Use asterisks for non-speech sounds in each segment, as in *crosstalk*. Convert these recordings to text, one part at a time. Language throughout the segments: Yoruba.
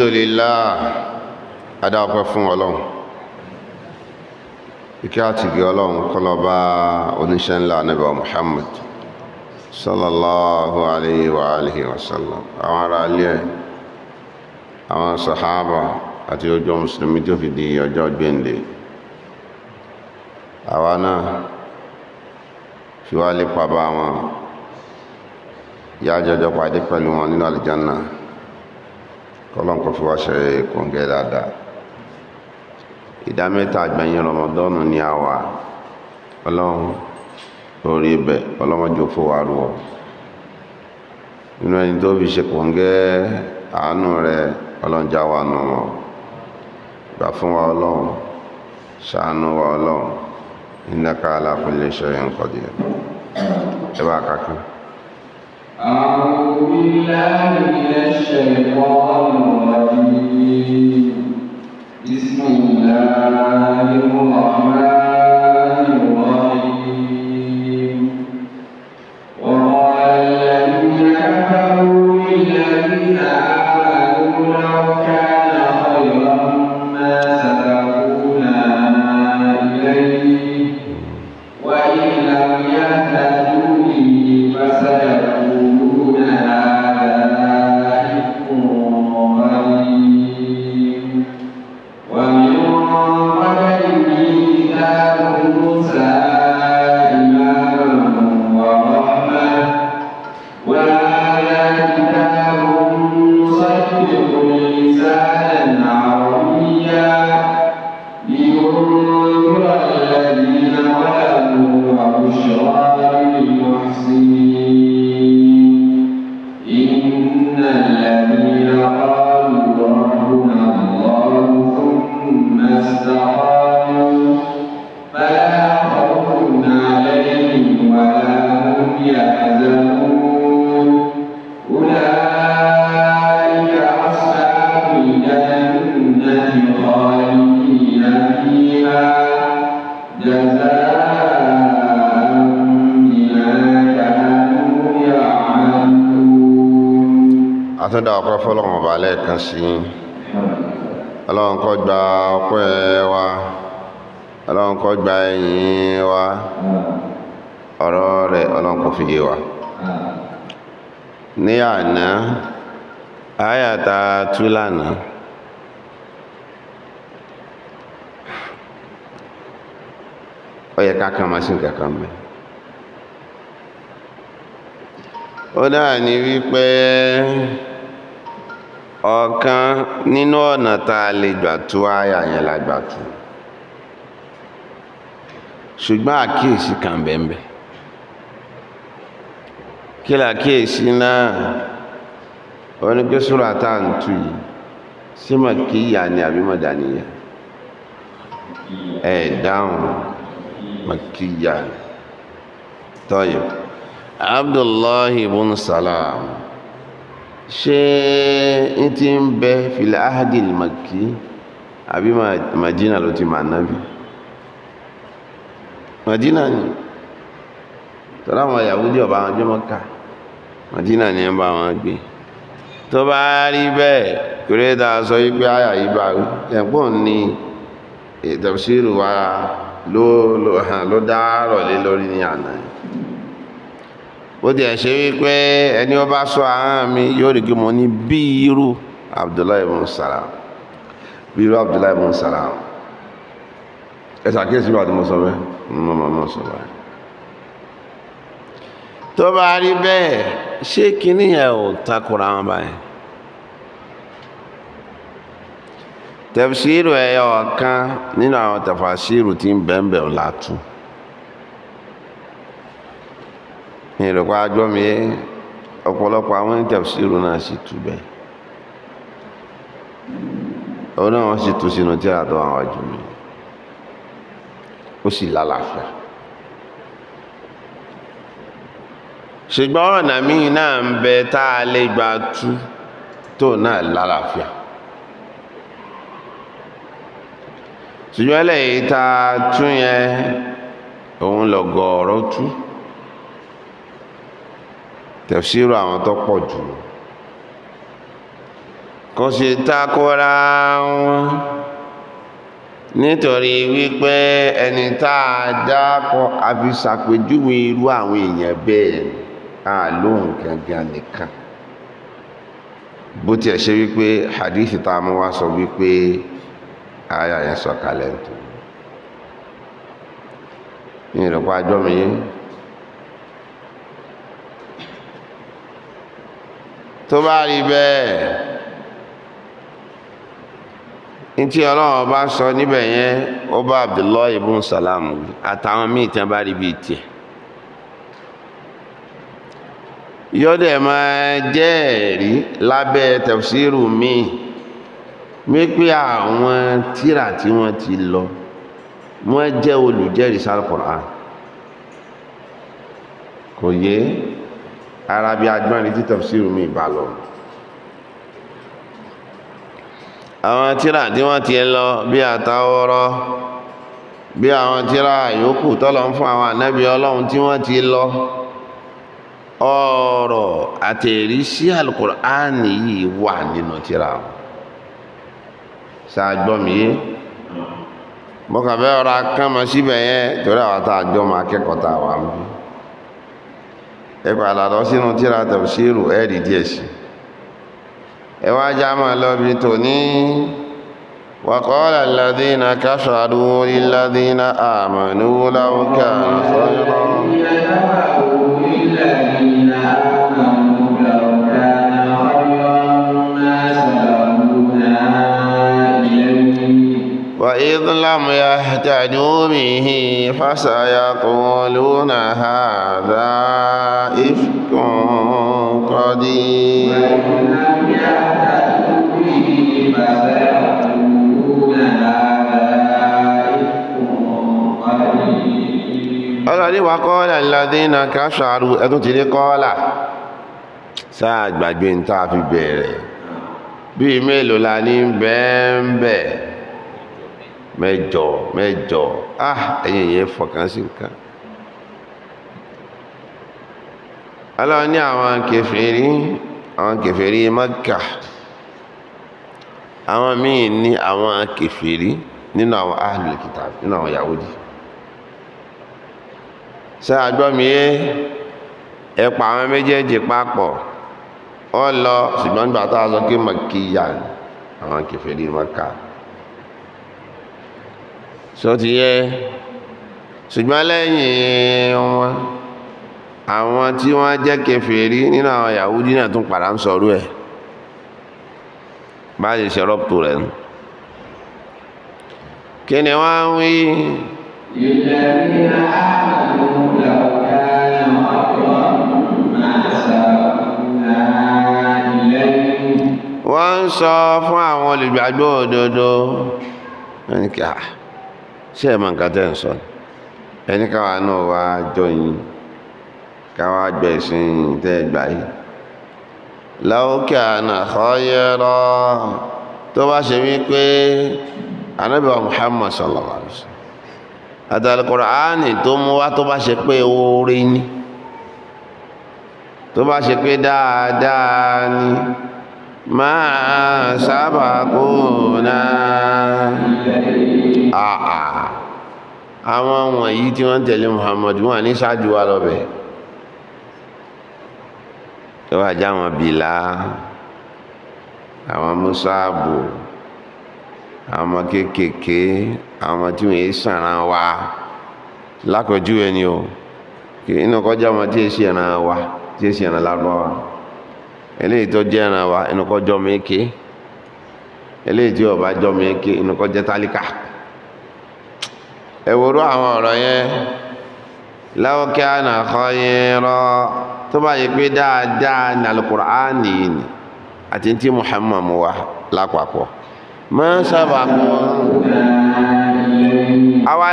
alhamdulillah adáwọ̀pẹ́ fún ọlọ́run ikẹ́ àti ìgbé ọlọ́run kọlọba oníṣẹ́ ńlá níbà Muhammad sallallahu alayhi wa alihi wa sallam àwọn ará alẹ́ àwọn sahaba àti ojú musulmi tó fi di ọjọ́ gbẹ̀ndẹ̀ àwa náà fi wá lè pàbá wọn yájọjọ pàdé pẹ̀lú wọn nínú aljanna kọ́lọ́n kò fi wá ṣe kòǹgẹ́ dáadáa ìdá mẹ́ta àgbẹ̀yìn rọmọdọ́nù ni a wà ọlọ́run lórí ibẹ̀ ọlọ́mọjò fò wá rú ọ nínú ẹni tó fi ṣe kòǹgẹ́ àánú rẹ ọlọ́njà wà nù wọn gbà fún wa ọlọ́run ṣàánú wa ọlọ́run innaka ala kulli shay'in qadir ẹ bá kàkín. أعوذ بالله من الشيطان الرجيم بسم الله الرحمن náà ni wípé ọ̀kan nínú ọ̀nà tá a lè gbà tú àyà yẹn la gbà tú ṣùgbọ́n àkíyèsí kan bẹ̀m̀bẹ̀ kí làkíyèsí náà onígbésùrà tá à ń tú yìí sí màkíyà ni àbí màdàníyà ẹ̀ dáhùn màkíyà tọ́yọ̀ abdullahi ibn salam ṣe n ti bẹ makki madina ló ti ni tọ́lá àwọn yahudi ọba àwọn ọjọ́ madina ni ẹ bá wọn tó bá rí bẹ́ẹ̀ kúrẹ́dà sọ wípé àyà yìí bá wí ẹ̀pọ̀ ló lórí ní àná ó di ẹ̀ṣẹ́ wípé ẹni ó bá sọ ahọ́n mi yóò rí kí mo ní bí irú Abdullahi ibn Salam bí irú Abdullahi ibn Salam ẹ ṣàkíyèsí bá ti mo sọ bẹ́ẹ̀ mo mọ̀ mọ̀ sọ báyìí tó bá rí bẹ́ẹ̀ ṣé kíní yẹn ò takora wọn báyìí ẹ̀yọ̀ kan nínú àwọn ń bẹ̀ẹ̀ bẹ̀ẹ̀ látún ní ìrọ̀pá ajọ́mìí ọ̀pọ̀lọpọ̀ àwọn ìtẹ̀síru náà sì tù bẹ́ ọ náà wọ́n sì tù sínú tí àtọ́ àwọn ajọ́mìí ó sì lálàáfíà ṣùgbọ́n ọ̀nà míì náà ń bẹ tá a lè gba tú tó náà lálàáfíà ṣùgbọ́n tá a tún yẹn tẹ̀síìrù àwọn tó pọ̀ jù kò sì takora wọn nítorí wípé ẹni tá a dákọ àfi ṣàpèjúwe irú àwọn èèyàn bẹ́ẹ̀ á lóhùn gangan nìkan bó tiẹ̀ ṣe wípé hadith tá a mú wá sọ wípé àyà yẹn sọ kalẹ̀ tó ní ìrọ̀pá ajọ́ mi yìí. tó bá rí bẹ́ẹ̀ ní tí ọlọ́run bá sọ níbẹ̀ yẹn ó bá Abdullahi ibn Salam àtàwọn míì tí wọ́n bá rí bíi tiẹ̀ yóò dẹ̀ máa jẹ́ ẹ̀rí lábẹ́ tafsiru míì wípé àwọn tírà tí wọ́n ti lọ wọ́n jẹ́ olùjẹ́rìí sáà kò yé. ara bí agbọ́n títọ̀ sí omi ìbálọ̀ àwọn tíra tí wọ́n ti lọ bí àtàwọ́rọ́ bí àwọn tíra yòókù tọ́lọ ń fún àwọn ànábì ọlọ́run tí wọ́n ti lọ ọ̀rọ̀ àtẹ̀rí sí Al-Kùránì yìí wà nínú tíra ṣàgbọ́mí mọ́kànfẹ́ ọ̀rọ̀ akánmọ́ síbẹ̀ yẹn torí àwọn tá a jọ máa kẹ́kọ̀ọ́ ẹ padà lọ sínú tíra tafsiru ẹ̀rì díẹ̀ sí ẹ wá já mọ́ lọ́bi tó ní وقال الذين كفروا للذين آمنوا لو كان خيرا وإذ لم يهتدوا به فسيقولون هذا إفك قديم ọlọ́ni wa kọ́ọ̀lá ladina káṣàrù ẹ̀tún ti ní kọ́ọ̀lá sáà gbàgbé ń tàà fi bẹ̀rẹ̀ bí mélòó la ní bẹ́ẹ̀ bẹ́ẹ̀ mẹ́jọ mẹ́jọ ah ẹ̀yìn yẹn fọkàn sí nǹkan aláwọ̀ ní àwọn kèfèrí àwọn kèfèrí Mákà àwọn míì ní àwọn kèfèrí nínú àwọn ahlul kitab nínú àwọn Yahudi ṣe àgbọ́mìí ẹ̀pà àwọn méjèèjì papọ̀ ọ lọ ṣùgbọ́n gbà tó a sọ pé mọ̀kíyà àwọn kèfèrí Mákà so ti yẹ ṣùgbọ́n lẹ́yìn wọn àwọn tí wọ́n jẹ́ kèfèrí nínú àwọn Yahudi náà tún padà ń sọ̀rọ̀ ẹ̀ bá ṣe ṣe rọ́pù rẹ̀ nù kí ni wọ́n ń wí. wọ́n ń sọ fún àwọn olùgbàgbọ́ òdodo ṣé ẹ̀ mọ̀ nǹkan tẹ́ ń sọ ẹni káwa náà wá jọ yín káwa gbẹ̀ ìsìn tẹ́ gbà yìí láókè àná khayra tó bá ṣe wípé anábì Muhammad sallallahu alaihi wasallam àtàlùkọ̀rọ̀ áánì tó mú wá tó bá ṣe pé oore ní tó bá ṣe pé dáadáa ní máa sábà kó náà àà àwọn èyí tí wọ́n tẹ̀lé Muhammadu wọn ní ṣáájú wa lọ́bẹ̀ tó wà já wọn bìlá àwọn mùsáàbù àwọn kéékèèké àwọn tí wọ́n wa ẹni o inú kọjá wọn tí èsì ẹ̀ràn wa tí èsì eléyìí tó jẹ́ wa inú kọjọ́ mi ké eléyìí ọba mi ké inú kọjá tálíkà ẹ̀wòrú àwọn ọ̀rọ̀ yẹn law kana khayra tó bá yẹ pé dáadáa ní alukur'ani yìí ni àti tí muhammad wa lápapọ̀ mọ́ sábà kọ́ àwa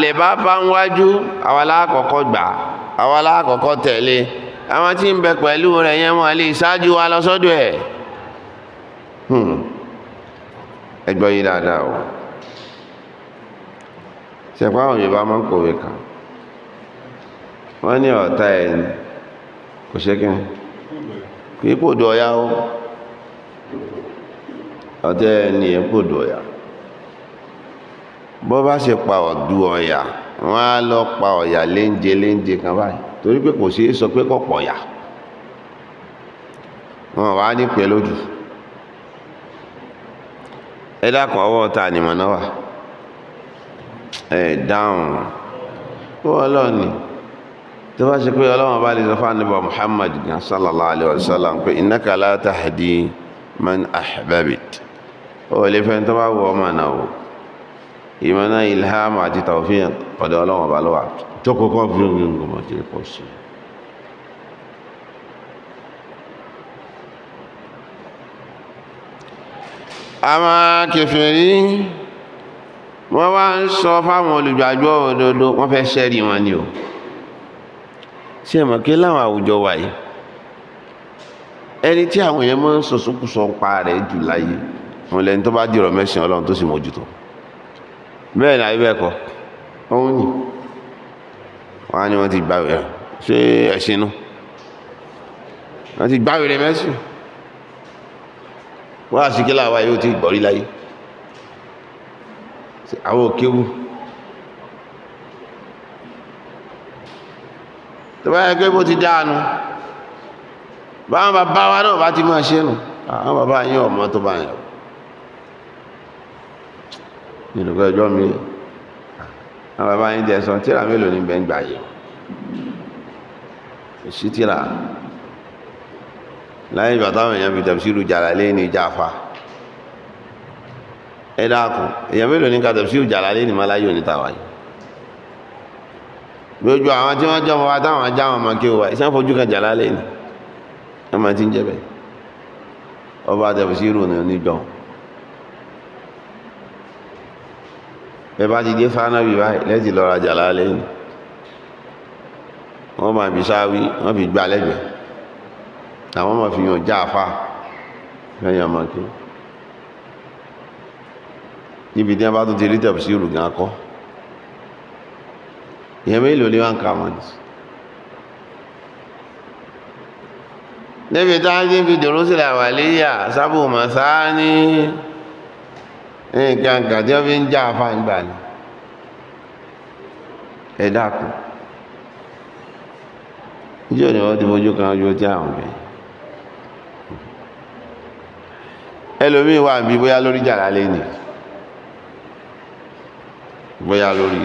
lè bá bá ń wájú àwa lákọ̀ọ́kọ́ gbà àwa lákọ̀ọ́kọ́ tẹ̀lé àwọn tí ń bẹ pẹ̀lú rẹ̀ yẹn wọ́n lè ṣáájú wa lọ sọ́dọ̀ ẹ̀ hmm. dáadáa o. ṣe pa àwọn Yorùbá máa ka kòwé kan wọ́n ẹni kò ṣe kí kò yí pòdò ọ̀yá ó ẹni yẹn pòdò ọ̀yá bá ṣe pa ọ̀dù ọ̀yà á lọ pa ọ̀yà léńje léńje kan báyìí torí pé kò sí sọ pé kò wọn wá ní ẹ̀ dáhùn ó ọlọ́run ni tó bá ṣe pé ọlọ́run bá lè sọ fún àníbà Muhammad gan sallallahu alaihi wasallam pé innaka la tahdi man ahbabit ó lè fẹ́ tó bá wọ ọmọ náà o ìmọ̀nà ilham àti tawfiq ọ̀dọ̀ ọlọ́run bá lọ́wọ́ wọ́n wá ń sọ fáwọn olùgbàgbọ́ òdodo wọ́n fẹ́ sẹ́rí wọn ni o sí ẹ̀mọ̀ kí láwọn àwùjọ wà yìí ẹni tí àwọn èèyàn máa ń sọ̀sọ́kùsọ ń pa rẹ̀ jù láyé wọn lẹ́ni tó bá dìrọ̀ mẹ́sìn ọlọ́run tó sì mójútó bẹ́ẹ̀ ni àyíbẹ̀ kọ́ òun yìí wọ́n á ní wọ́n ti gbàwé rẹ̀ ṣé ẹ̀sìn inú wọ́n ti gbàwé rẹ̀ mẹ́sìn wọ́n á sì kí láwọn yóò ti gbọ́rí láyé àwọn òkéwú tó bá yẹ pé bó ti dáanu báwọn bàbá wa náà bá ti máa ṣe nù àwọn bàbá yín ọmọ tó bá yẹn ìlúgbọ́ ẹjọ́ mi àwọn bàbá yín jẹ sọ tíra mélòó ní bẹ́ẹ̀ ń gbà yẹ tíra láyé ìgbà táwọn èèyàn fi tẹ̀síìlú jàrá lé ní ìjà ẹ dákun èèyàn mélòó ní kàtọ̀ sí ìjà lálé ní maláyò ní tàwáyé gbogbo àwọn tí wọ́n jọ mọ́ wa táwọn ajá wọn máa kí wa ìsán fojú kan jà lálé ní ẹ máa ti ń jẹ́bẹ̀ ọba àtẹ̀fù sí ìrònà oníjọ ẹ bá ti dé fáná bí báyìí lẹ́tì lọ́ra jà lálé ní wọ́n máa fi sáwí wọ́n fi gbà lẹ́gbẹ̀ẹ́ àwọn máa fi yàn já àfà fẹ́yàn máa kí wa níbi tí wọ́n bá tún ti rí tẹ̀fsíìrù gan kọ́ ìyẹn mélòó ni wọ́n ń ka wọn jù níbi tá ń níbi dòrósìlà wàléyà sábò màsá ní nǹkan kan tí wọ́n fi ń já afáǹgbà ni ẹ dákun níjọ́ ni wọ́n ti fojú kan ojú tí àwọn bẹ̀rẹ̀ ẹlòmíì wà ń bí bóyá lórí jà lálẹ́ nìyí bóyá lórí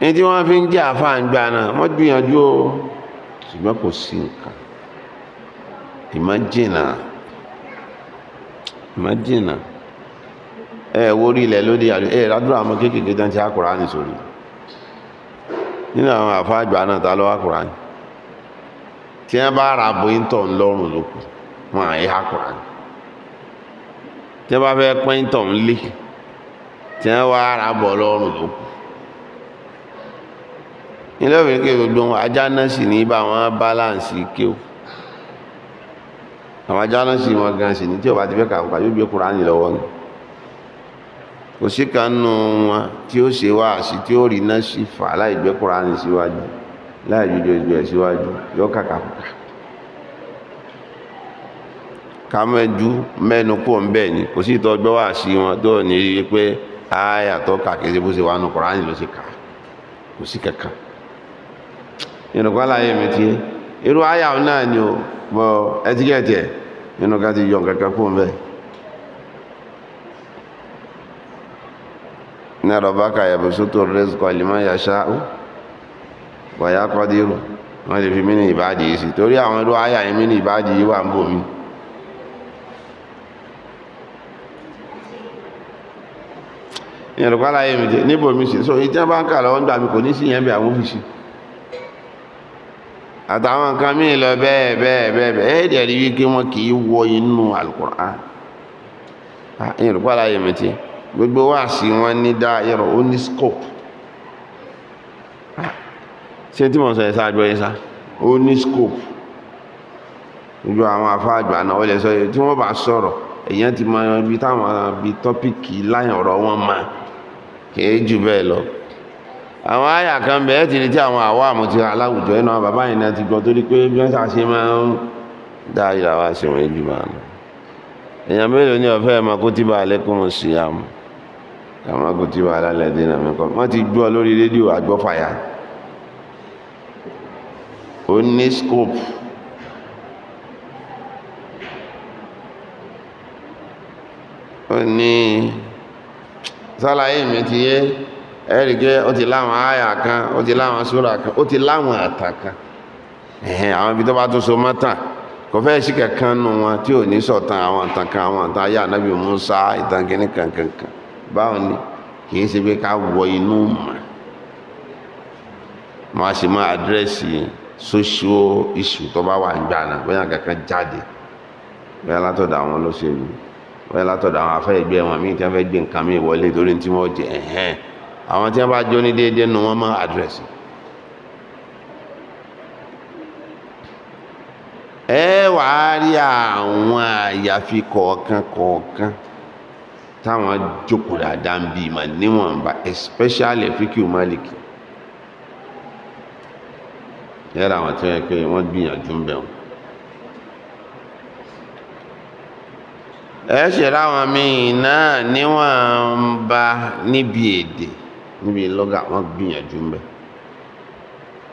ní tí wọ́n fi ń jẹ́ àfáàǹgbà náà wọ́n gbìyànjú o ṣùgbọ́n kò sí nǹkan ìmájìnà ìmájìnà ẹ wórí ilẹ̀ lóde àlù ẹ rádúrà àwọn kéékèèké tán ti àkùránì sórí nínú àwọn àfáàgbà náà ta ló àkùránì tí wọ́n bá ra bóyí tọ̀ ńlọ́rùn lókù wọn àyè àkùránì tí wọ́n bá fẹ́ pín tọ̀ ń lé tí wọ́n wá ara bọ̀ lọ́rùn ló kù ilé òfin kí gbogbo ajá náà sì ní bá wọn báláǹsì kí o àwọn ajá náà sì wọn gan sì ní tí o bá ti fẹ́ kàǹkà yóò gbé Kùránì lọ́wọ́ ni kò sí kan nù wọn tí ó ṣe wá sí tí ó rí náà sì fà láì gbé Kùránì síwájú láì ju ojú ẹ̀ síwájú yóò kàkà kùkà ká mẹ́jú mẹ́nu ni kò sí ìtọ́gbọ́ wà sí wọn tó ní rí pé ka tó kà ṣe bó ṣe wà nù ló ṣe kà kò sí kankan ni o bọ ẹtíkẹ́ẹ̀tì ẹ̀ nínú ti yọ kankan kó ń bẹ́ẹ̀. ní rabbaka yabsutu rizqa liman yasha'u wa yaqdiru wọ́n lè fi mí ní ìbáàdì yìí sí torí àwọn irú ààyà yìí mí ní ìbáàdì yìí wà ń bò ìyẹn lọ́pàá láyé mi jẹ níbo mi sì so ìtí wọ́n bá ń kà lọ́wọ́ nígbà mi kò ní sí yẹn bí àwọn òfìsì àtàwọn nǹkan míì lọ bẹ́ẹ̀ bẹ́ẹ̀ bẹ́ẹ̀ bẹ́ẹ̀ ẹ̀ẹ́dẹ̀ rí wípé wọn kì í wọ inú alukur'an ìyẹn lọ́pàá láyé mi ti gbogbo wáàsí wọn ní dá irọ́ ó ní scope ṣé tí mo sọ ẹ̀ sáájú ẹ̀ sá ó ní scope gbogbo àwọn afáàgbà náà ó lè tí wọ́n bá sọ̀rọ̀ èèyàn ti mọ ibi táwọn ibi tọ́pìkì láyìn wọn máa kìí jù bẹ́ẹ̀ lọ àwọn àyà kan bẹ̀ẹ́ ti rí tí àwọn àwọ̀ àmúti aláwùjọ ẹnu àwọn bàbá yìí náà ti gbọ́ torí pé bí wọ́n ṣe àṣe máa ń dá ìlà wa ṣe wọ́n jù máa lọ èèyàn mélòó ní ọ̀fẹ́ ẹ̀mọ kó tí bá alẹ́kùn sí àmú àmọ́ kó tí bá alálẹ̀ dín náà mẹ́kọ́ wọ́n ti gbọ́ lórí rédíò àgbọ́fàyà ó ní scope ó ní. sálàyé mi ti yé ẹ̀rìgẹ́ ó ti láwọn àyà kan ó ti láwọn kan ó ti láwọn àtà kan ẹ̀hẹ̀n àwọn ibi tó bá tó so mọ́tà kò fẹ́ nù wọn tí ò ní sọ̀tàn àwọn àtàn àwọn ayé ànábì Musa ìtàn kìíní kankan kan báwọn ni kì í ṣe pé ká wọ inú ma. wọ́n á máa àdírẹ́sì social issue tó bá wà ń gbà náà bóyá kankan jáde bóyá látọ̀dọ̀ wọ́n látọ̀dọ̀ àwọn afẹ́ ẹgbẹ́ wọn míì tí wọ́n fẹ́ gbé nǹkan míì wọlé torí tí wọ́n jẹ ẹ̀hẹ́n àwọn tí wọ́n bá jó ní déédé nu wọ́n mọ́ àdírẹ́sì. ẹ wàá rí àwọn àyàfi kọ̀ọ̀kan kọ̀ọ̀kan táwọn jókòó dáadáa ń bí ìmọ̀ níwọ̀nba especially fíkìú Málìkì yẹ́ra àwọn tí wọ́n yẹ pé wọ́n gbìyànjú ń bẹ̀ E láwọn míì náà níwọ̀n ń bá níbi èdè níbi lọ́gà wọ́n gbìyànjú mẹ́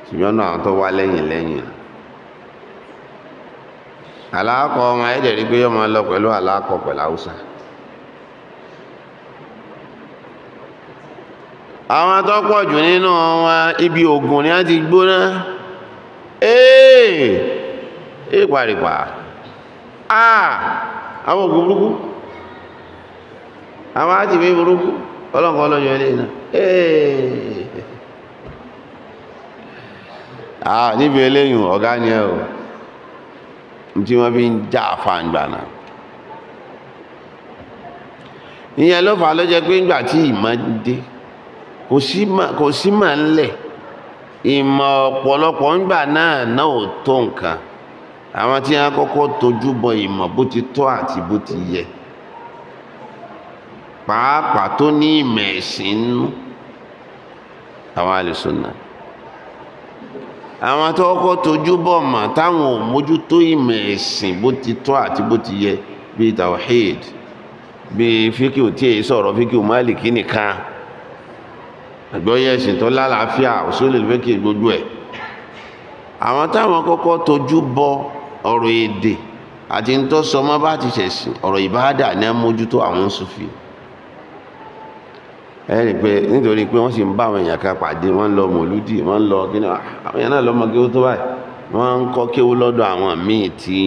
ṣùgbọ́n náà àwọn tó wá lẹ́yìn lẹ́yìn aláàkọ́ ọmọ ẹ̀dẹ̀ rí pé yọmọ lọ pẹ̀lú aláàkọ́ pẹ̀lú haúsá àwọn tó nínú wọn ibi ògùn ni a ti gbóná ee ìparìpà ah àwọn ògùn burúkú àwọn ájìmí burúkú ọlọ́nkọ́ ọlọ́yọ̀ ilé iná àà ah, níbi eléyìn ọ̀gá ni ẹ tí wọ́n fi ń já àfàǹgbà náà ìyẹn ló fà pé ńgbà tí ìmọ̀ dé kò sí mà ń lẹ̀ ìmọ̀ ọ̀pọ̀lọpọ̀ ńgbà náà náà àwọn tí a kọ́kọ́ tójú bọ ìmọ̀ bó ti tọ́ àti bó ti yẹ pàápàá tó ní ìmọ̀ ẹ̀sìn nú àwọn alìsùnà àwọn tó kọ́kọ́ tójú bọ̀ mọ̀ táwọn ò mójútó ìmọ̀ ẹ̀sìn bó ti tọ́ àti bó ti yẹ bíi tawhid bíi fíkìú tí èyí sọ̀rọ̀ fíkìú máàlìkì nìkan àgbọ́yé ẹ̀sìn tó lálàáfíà òṣèlú fíkìú gbogbo ẹ̀ àwọn táwọn kọ́kọ́ tójú bọ̀ ọrụ èdè àti ń bá ti ṣẹ̀sìn ọ̀rọ̀ ìbáàdà ní mójútó àwọn Sufi ẹ̀rì pé nítorí pé wọ́n sì ń bá àwọn èèyàn kan pàdé wọ́n lọ mọ̀lúdì wọ́n lọ kí àwọn èèyàn náà lọ́mọ kí ó tó báyìí wọ́n ń kọ́ kéwú lọ́dọ̀ àwọn míì ti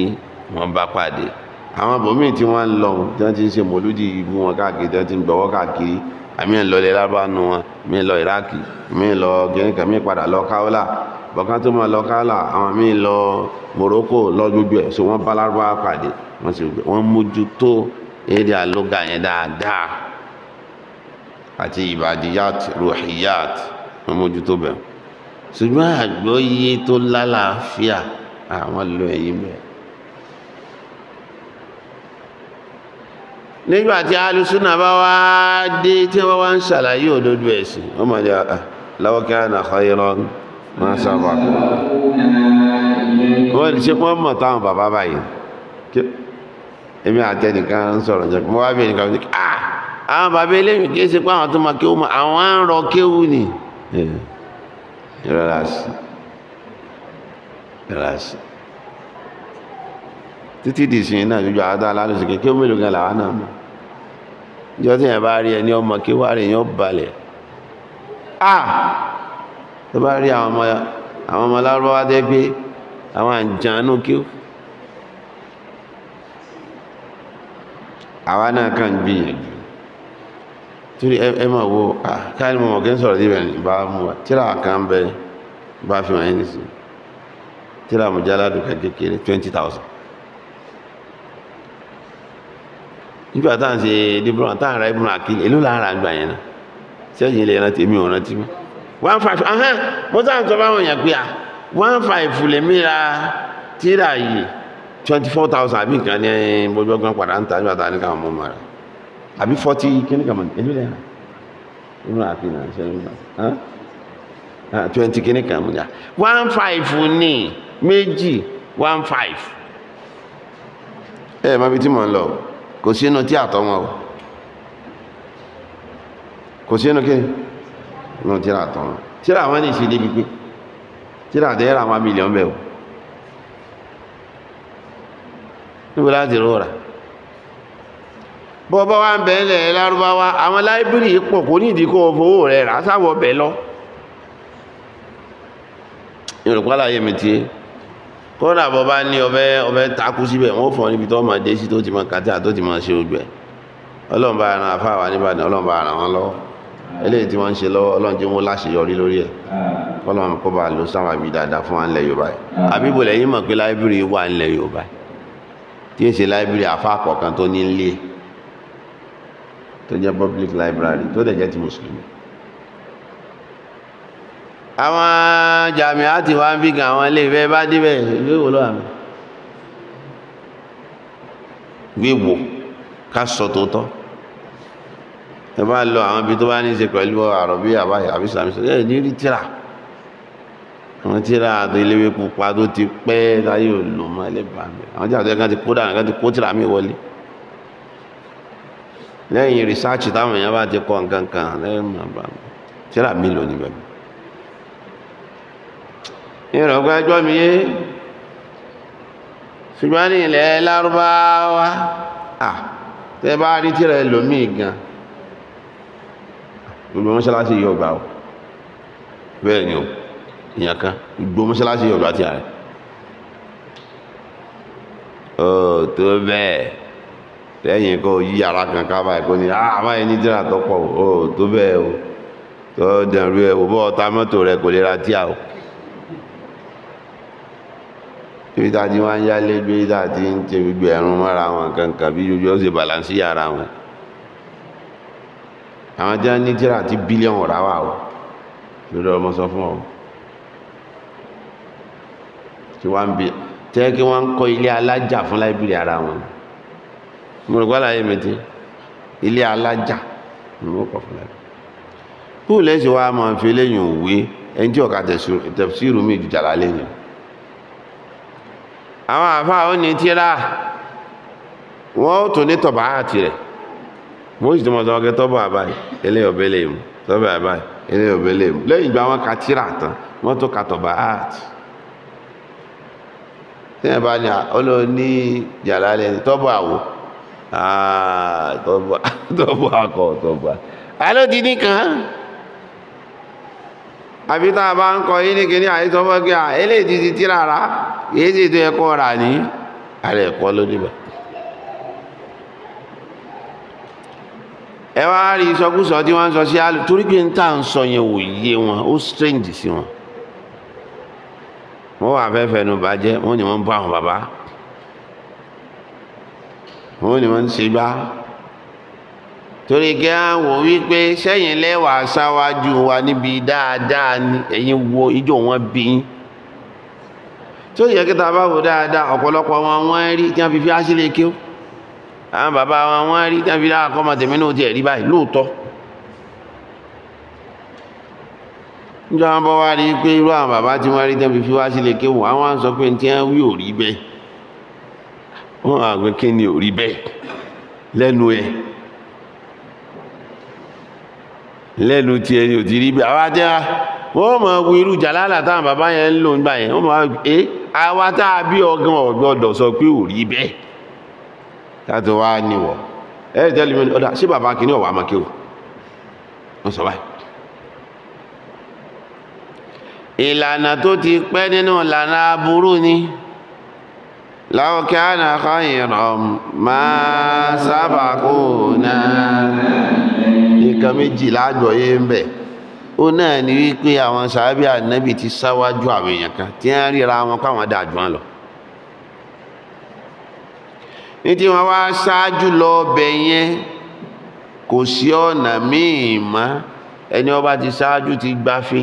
wọn káàkiri tí wọ́n ti ń gbọ́wọ́ káàkiri àmì lọ ilẹ̀ lábánu wọn lọ Iraki lọ lọ ọ̀kan tó máa lọ kálà àwọn míì lọ Morocco lọ gbogbo ẹ̀ so wọ́n bá lárúbáwá pàdé wọ́n sì gbogbo wọ́n mójútó èdè àlóga yẹn dáadáa àti ìbàdíyàt ruhiyat wọ́n mójútó bẹ̀rẹ̀ ṣùgbọ́n àgbọ́yé tó lálàáfíà àwọn lo ẹ̀yìn bẹ́ẹ̀. nígbà tí alùsùnà bá wá dé tí wọ́n wá ń ṣàlàyé òdodo ẹ̀sìn wọ́n mọ̀ ní lọ́wọ́ kí á nà khayran máa sábà kù wọ́n ṣe pọ́n mọ̀ táwọn bàbá báyìí èmi àtẹnìkan ń sọ̀rọ̀ jẹ́ mo wá bí ẹnìkan ní à àwọn bàbá eléyìí kì í ṣe pé àwọn tó máa kéwù mọ́ àwọn á ń rọ kéwù ni ìrọ̀lá sí ìrọ̀lá sí títí di ìsìn náà lójú àádọ́ alálùsì kékeré mélòó gan làwọn náà mọ̀ ìjọ tí yẹn bá rí ẹni ọmọ kéwàá rẹ̀ yẹn ó balẹ̀ ah tó bá rí àwọn ọmọ àwọn ọmọ lárúbáwá tẹ́ pé àwọn àjànú kí ó àwa náà kàn gbìyànjú torí ẹ wo káàlì mọ̀mọ̀ kí n sọ̀rọ̀ síbẹ̀ ní bá mú wa tíra kan bẹ bá fi wọ́n yín sí tíra mọ̀já aládùúgbò kékeré twenty thousand nígbà táà ń ṣe dìbò táà ń ra ibùdó àkìlẹ̀ èló là ń ra àgbà yẹn náà sẹ́yìn ilé yẹn náà tèmi ò rántí mọ́ one five ahán mo sáà ń sọ fáwọn èèyàn pé one five lè mìíràn tíra yìí twenty four thousand àbí nǹkan ní bójú eh, ọgbọ́n padà ń ta nígbà tá a ní káwọn ọmọ ọmọ rẹ àbí forty kíní kàmọ ẹni lẹ́yìn inú àfi náà ṣe ń bá twenty kíní kàmọ ní one five ní méjì one five ẹ ẹ má bi tí mò ń lọ kò sínú tí àtọ́ wọn o kò sínú kíni. ní tíra tán tíra wọn ní ìṣèlè gbígbé tíra tẹ́ ra wọn mílíọ̀n bẹ́ẹ̀ o níbo láti wá ń lárúbáwá àwọn láìbírì pọ̀ kò ní ìdíkọ́ fowó rẹ̀ rà sáwọ̀ bẹ̀ lọ ìrùkọ́ mi tiẹ̀ kódà bọ́ bá ní ọbẹ̀ takú síbẹ̀ wọ́n fọ́n níbi tó máa dé sí tó ti máa kàtí àtó ti máa ṣe ojú ẹ̀ ara àfáà wà níbàdàn ara wọn lọ́wọ́ eléyìí tí wọ́n ń ṣe lọ́wọ́ ọlọ́run jẹ́ wọn láṣeyọrí lórí ẹ̀ ọlọ́run kó bá lọ sáwọn àbí dáadáa fún wa ńlẹ̀ yorùbá yìí àbíbò lẹ́yìn mọ̀ pé láìbírì wà ńlẹ̀ yorùbá yìí tí ń ṣe láìbírì àfa àkọ̀kan tó ní lé tó jẹ́ public library tó dẹ̀ ti mùsùlùmí. àwọn jàmíà ti wá ń bí àwọn ilé ìfẹ́ bá débẹ̀ ìwé wo ló ká sọ tòótọ́ ẹ bá lọ àwọn ibi tó bá ní ṣe pẹ̀lú àrọ̀bí àbáyé àbí sàmìsọ ẹ ní rí tíra àwọn tíra àti iléwé pupa tó ti pẹ́ láyé òlò mọ́ ẹlẹ́bàámi àwọn tíra tó yẹ kán ti kó dànù kán ti kó tíra mi wọlé lẹ́yìn rìsáàchì táwọn èèyàn bá ti kọ́ nǹkan kan lẹ́yìn màbà tíra mi lò níbẹ̀ ìrọ̀gbọ́ ẹjọ́ mi yé ṣùgbọ́n ní ilẹ̀ lárúbáwá tẹ́ bá rí tíra ẹlòmíì gan-an gbogbo mọ́ṣáláṣí yóò gbà ó bẹ́ẹ̀ ni ó èèyàn kan gbogbo mọ́ṣáláṣí yóò gbà tí a rẹ̀ ó tó bẹ́ẹ̀ lẹ́yìn kó yí yàrá kan kábà ẹ̀kọ́ ni àmá ẹni tíra tó pọ̀ ó tó bẹ́ẹ̀ o tó dẹ̀rú ẹ̀ ò bọ́ ọ̀tá mọ́tò rẹ̀ kò lè ra tíà o ibi tá a ti wá ń yálé gbé tá a ti ń ṣe gbogbo ẹ̀rùn mọ́ra wọn kankan bí ojú ó bàlánsì yàrá wọn àwọn tí wọ́n ní tíra àti bílíọ̀nù ọ̀rá wà o lórí ọmọ sọ fún ọ tí wọ́n ń bi tẹ́ kí wọ́n ń kọ́ ilé alájà fún láìbìrì ara wọn mo rò gbọ́dọ̀ ayé mi ti ilé alájà ni mo kọ̀ fún láìbìrì bóò lẹ́sìn wa máa fi eléyìn òwe ẹni tí ọ̀ka tẹ̀síìrù mi jù jàlá lẹ́yìn àwọn àfáà ó tíra wọ́n ó tún ní tọ̀bá àti rẹ̀ moses mọ̀ sọ́kẹ́ tọ́bọ̀ àbáyé eléyìí ọ̀bẹ́lẹ̀ mu tọ́bọ̀ àbáyé mu lẹ́yìn ìgbà wọn ka tán wọ́n tó ka art tẹ́yìn bá ní ọlọ́ní ah, yàrá lẹ́ni tọ́bọ̀ àwò ah, tọ́bọ̀ akọ̀ *laughs* tọ́bọ̀ alódi nìkan àbí tá a bá ń kọ yín ní kíní àyè tọ́bọ̀ kí ah, eléyìí ti ti tíra rà tó ẹ̀kọ́ ẹ wá rí ìsọkúsọ tí wọ́n ń sọ sí àlù torí pé ń tà ń sọ yẹn wò yé wọn ó strange sí wọn wọ́n wà fẹ́ fẹnu bàjẹ́ wọ́n ní wọ́n ń bọ́ àwọn bàbá wọ́n ní wọ́n ń ṣe gbá torí kí á wò wípé sẹ́yìn lẹ́wà sáwájú wa níbi dáadáa ni ẹ̀yin wo ijó wọn bí yín tó yẹ kí tá a bá wò dáadáa ọ̀pọ̀lọpọ̀ wọn wọ́n rí kí wọ́n fi fi á kí ó àwọn bàbá wọn wọ́n rí tán fi láwọn akọ́mọ tèmi náà ti ẹ̀rí báyìí lóòótọ́ níjọ́ wọn bọ́ wá rí pé irú àwọn bàbá tí wọ́n rí tán fi fi wá sílé kéwù àwọn sọ pé tí wọ́n wí ò rí bẹ́ẹ̀ wọ́n àgbẹ̀ kí ni ò rí bẹ́ẹ̀ lẹ́nu ẹ̀ lẹ́nu tí ẹni ò ti rí bẹ́ẹ̀ àwọn àti wọ́n mọ̀ wí irú jàlálà táwọn bàbá yẹn ń lò nígbà yẹn wọ́n mọ̀ wá pé àwa bí ọgán ọ̀gbọ́dọ̀ sọ pé ò bẹ́ẹ̀ láti wá níwọ̀ ẹ̀rì tẹ́lẹ̀ mi ọ̀dà sí bàbá kìíní ọ̀wà máa kéwù ó sọ báyìí. ìlànà tó ti pẹ́ nínú ìlànà aburú ni law kana khayran ma sabaquna nǹkan méjì láàjọ ń bẹ̀ ó náà ní wípé àwọn sàábì ànábì ti sáwájú àwọn èèyàn kan tí wọ́n ríra wọn káwọn dáa jù wọn lọ ní tí wọ́n wá ṣáájú lọ bẹ̀ yẹn kò sí ọ̀nà míì mọ́ ẹni ọba ti ṣáájú ti gbáfí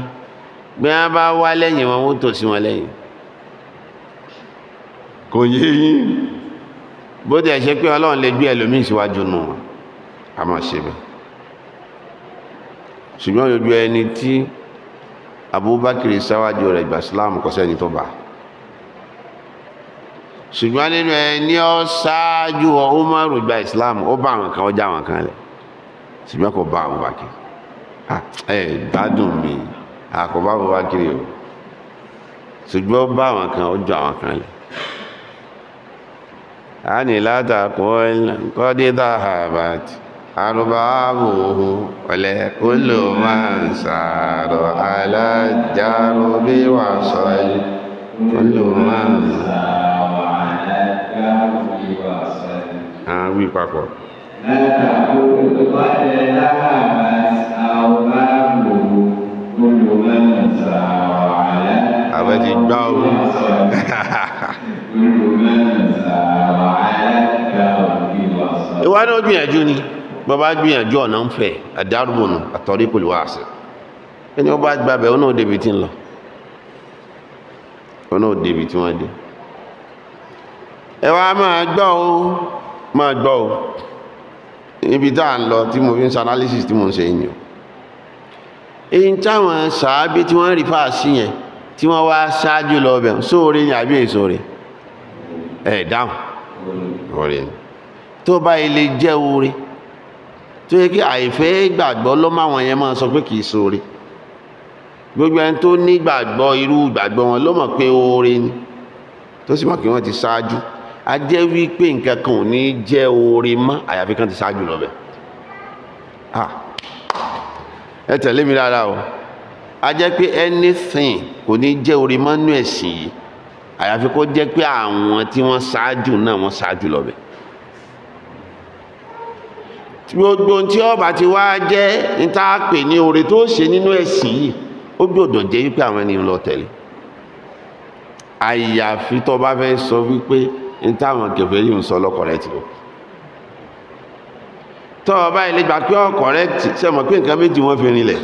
bí wọ́n bá wá lẹ́yìn wọn wọ́n tò sí wọn lẹ́yìn kò yé yín bó tẹ̀ ṣe pé ọlọ́run lè gbé ẹlòmíì síwájú nù wọn a máa ṣe bẹ́ẹ̀ ṣùgbọ́n gbogbo ẹni tí Abubakar ṣáwájú rẹ̀ ìgbà Islam kò sẹ́ni tó bá ṣùgbọ́n nínú ẹni ọ ṣáájú ọ gba Islam ó bá àwọn kan ó àwọn kan lẹ̀ ṣùgbọ́n kò bá àwọn bákiri ẹ gbádùn mi bá àwọn bákiri o ṣùgbọ́n ó bá àwọn kan àwọn kan a ní harvard ohun àwọn wí papọ̀. àwọn ti gbá o. *laughs* ìwádìí ó gbìyànjú ni bàbá gbìyànjú ọ̀nà ń fẹ̀ àdárùbùnù àtọ́rí kò lè wá àṣẹ ẹni ó bá gbàbẹ̀ ó náà débi tí ń lọ ó náà débi tí wọ́n dé ẹ wá máa gbọ́ o máa gbọ́ o ibi tá à ń lọ tí mo fi ń sa analysis tí mo ń ṣe yìí o èyí táwọn sàábé tí wọ́n rí fáà sí yẹn tí wọ́n wá ṣáájú lọ bẹ̀ sóore ni àbí èso rẹ̀ ẹ̀ dáhùn oore ni tó bá ilé jẹ́ oore tó yẹ kí àìfẹ́ gbàgbọ́ ló máwọn yẹn máa sọ pé kì í sóore gbogbo ẹni tó ní gbàgbọ́ irú gbàgbọ́ wọn ló mọ̀ pé oore ni tó sì mọ̀ kí wọ́n ti ṣáájú a jẹ́ wípé nǹkan kan ò ní jẹ́ oore mọ́ àyàfi kan ti ṣáájú lọ bẹ̀ ah, ẹ tẹ̀lé mi rárá o a jẹ́ pé anything kò ní jẹ́ oore mọ́ nú ẹ̀sìn yìí àyàfi kó jẹ́ pé àwọn tí wọ́n ṣáájú náà wọ́n ṣáájú lọ bẹ̀ gbogbo tí ọba ti wá jẹ́ ní tá a pè ní oore tó ṣe nínú ẹ̀sìn yìí ó gbọ́dọ̀ jẹ́ wípé àwọn ẹni lọ tẹ̀lé àyàfi tó bá fẹ́ sọ wípé ní táwọn kẹfẹ́ yìí ń sọ lọ correct o tọ́ ọba ilé gbà pé ọ correct ṣe mọ̀ pé nǹkan méjì wọ́n fi rinlẹ̀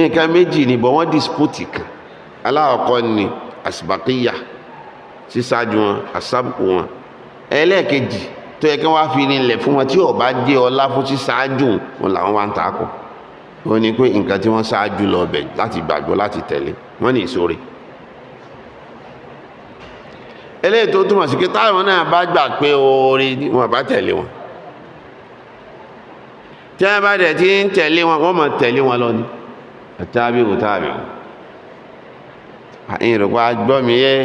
nǹkan méjì nìbọn wọ́n dispute kan aláwọ̀kọ́ ni asibakiya sísáájú wọn asábùkù wọn ẹlẹ́ẹ̀kejì tó yẹ kí wọ́n fi rinlẹ̀ fún wọn tí ọba dé ọlá fún sísáájú wọn làwọn wá ń takò ó ní pé nǹkan tí wọ́n ṣáájú lọ bẹ̀ láti gbàgbọ́ láti tẹ̀lé wọ́n ní ìṣòro eléyìí tó túmọ̀ sí pé táwọn náà bá gbà pé oore wọn bá tẹ̀lé wọn tí wọ́n bá dẹ̀ tí ń tẹ̀lé wọn wọ́n mọ̀ tẹ̀lé wọn lọ ni àtàbí àyìn ìrọ̀pá gbọ́mi yẹ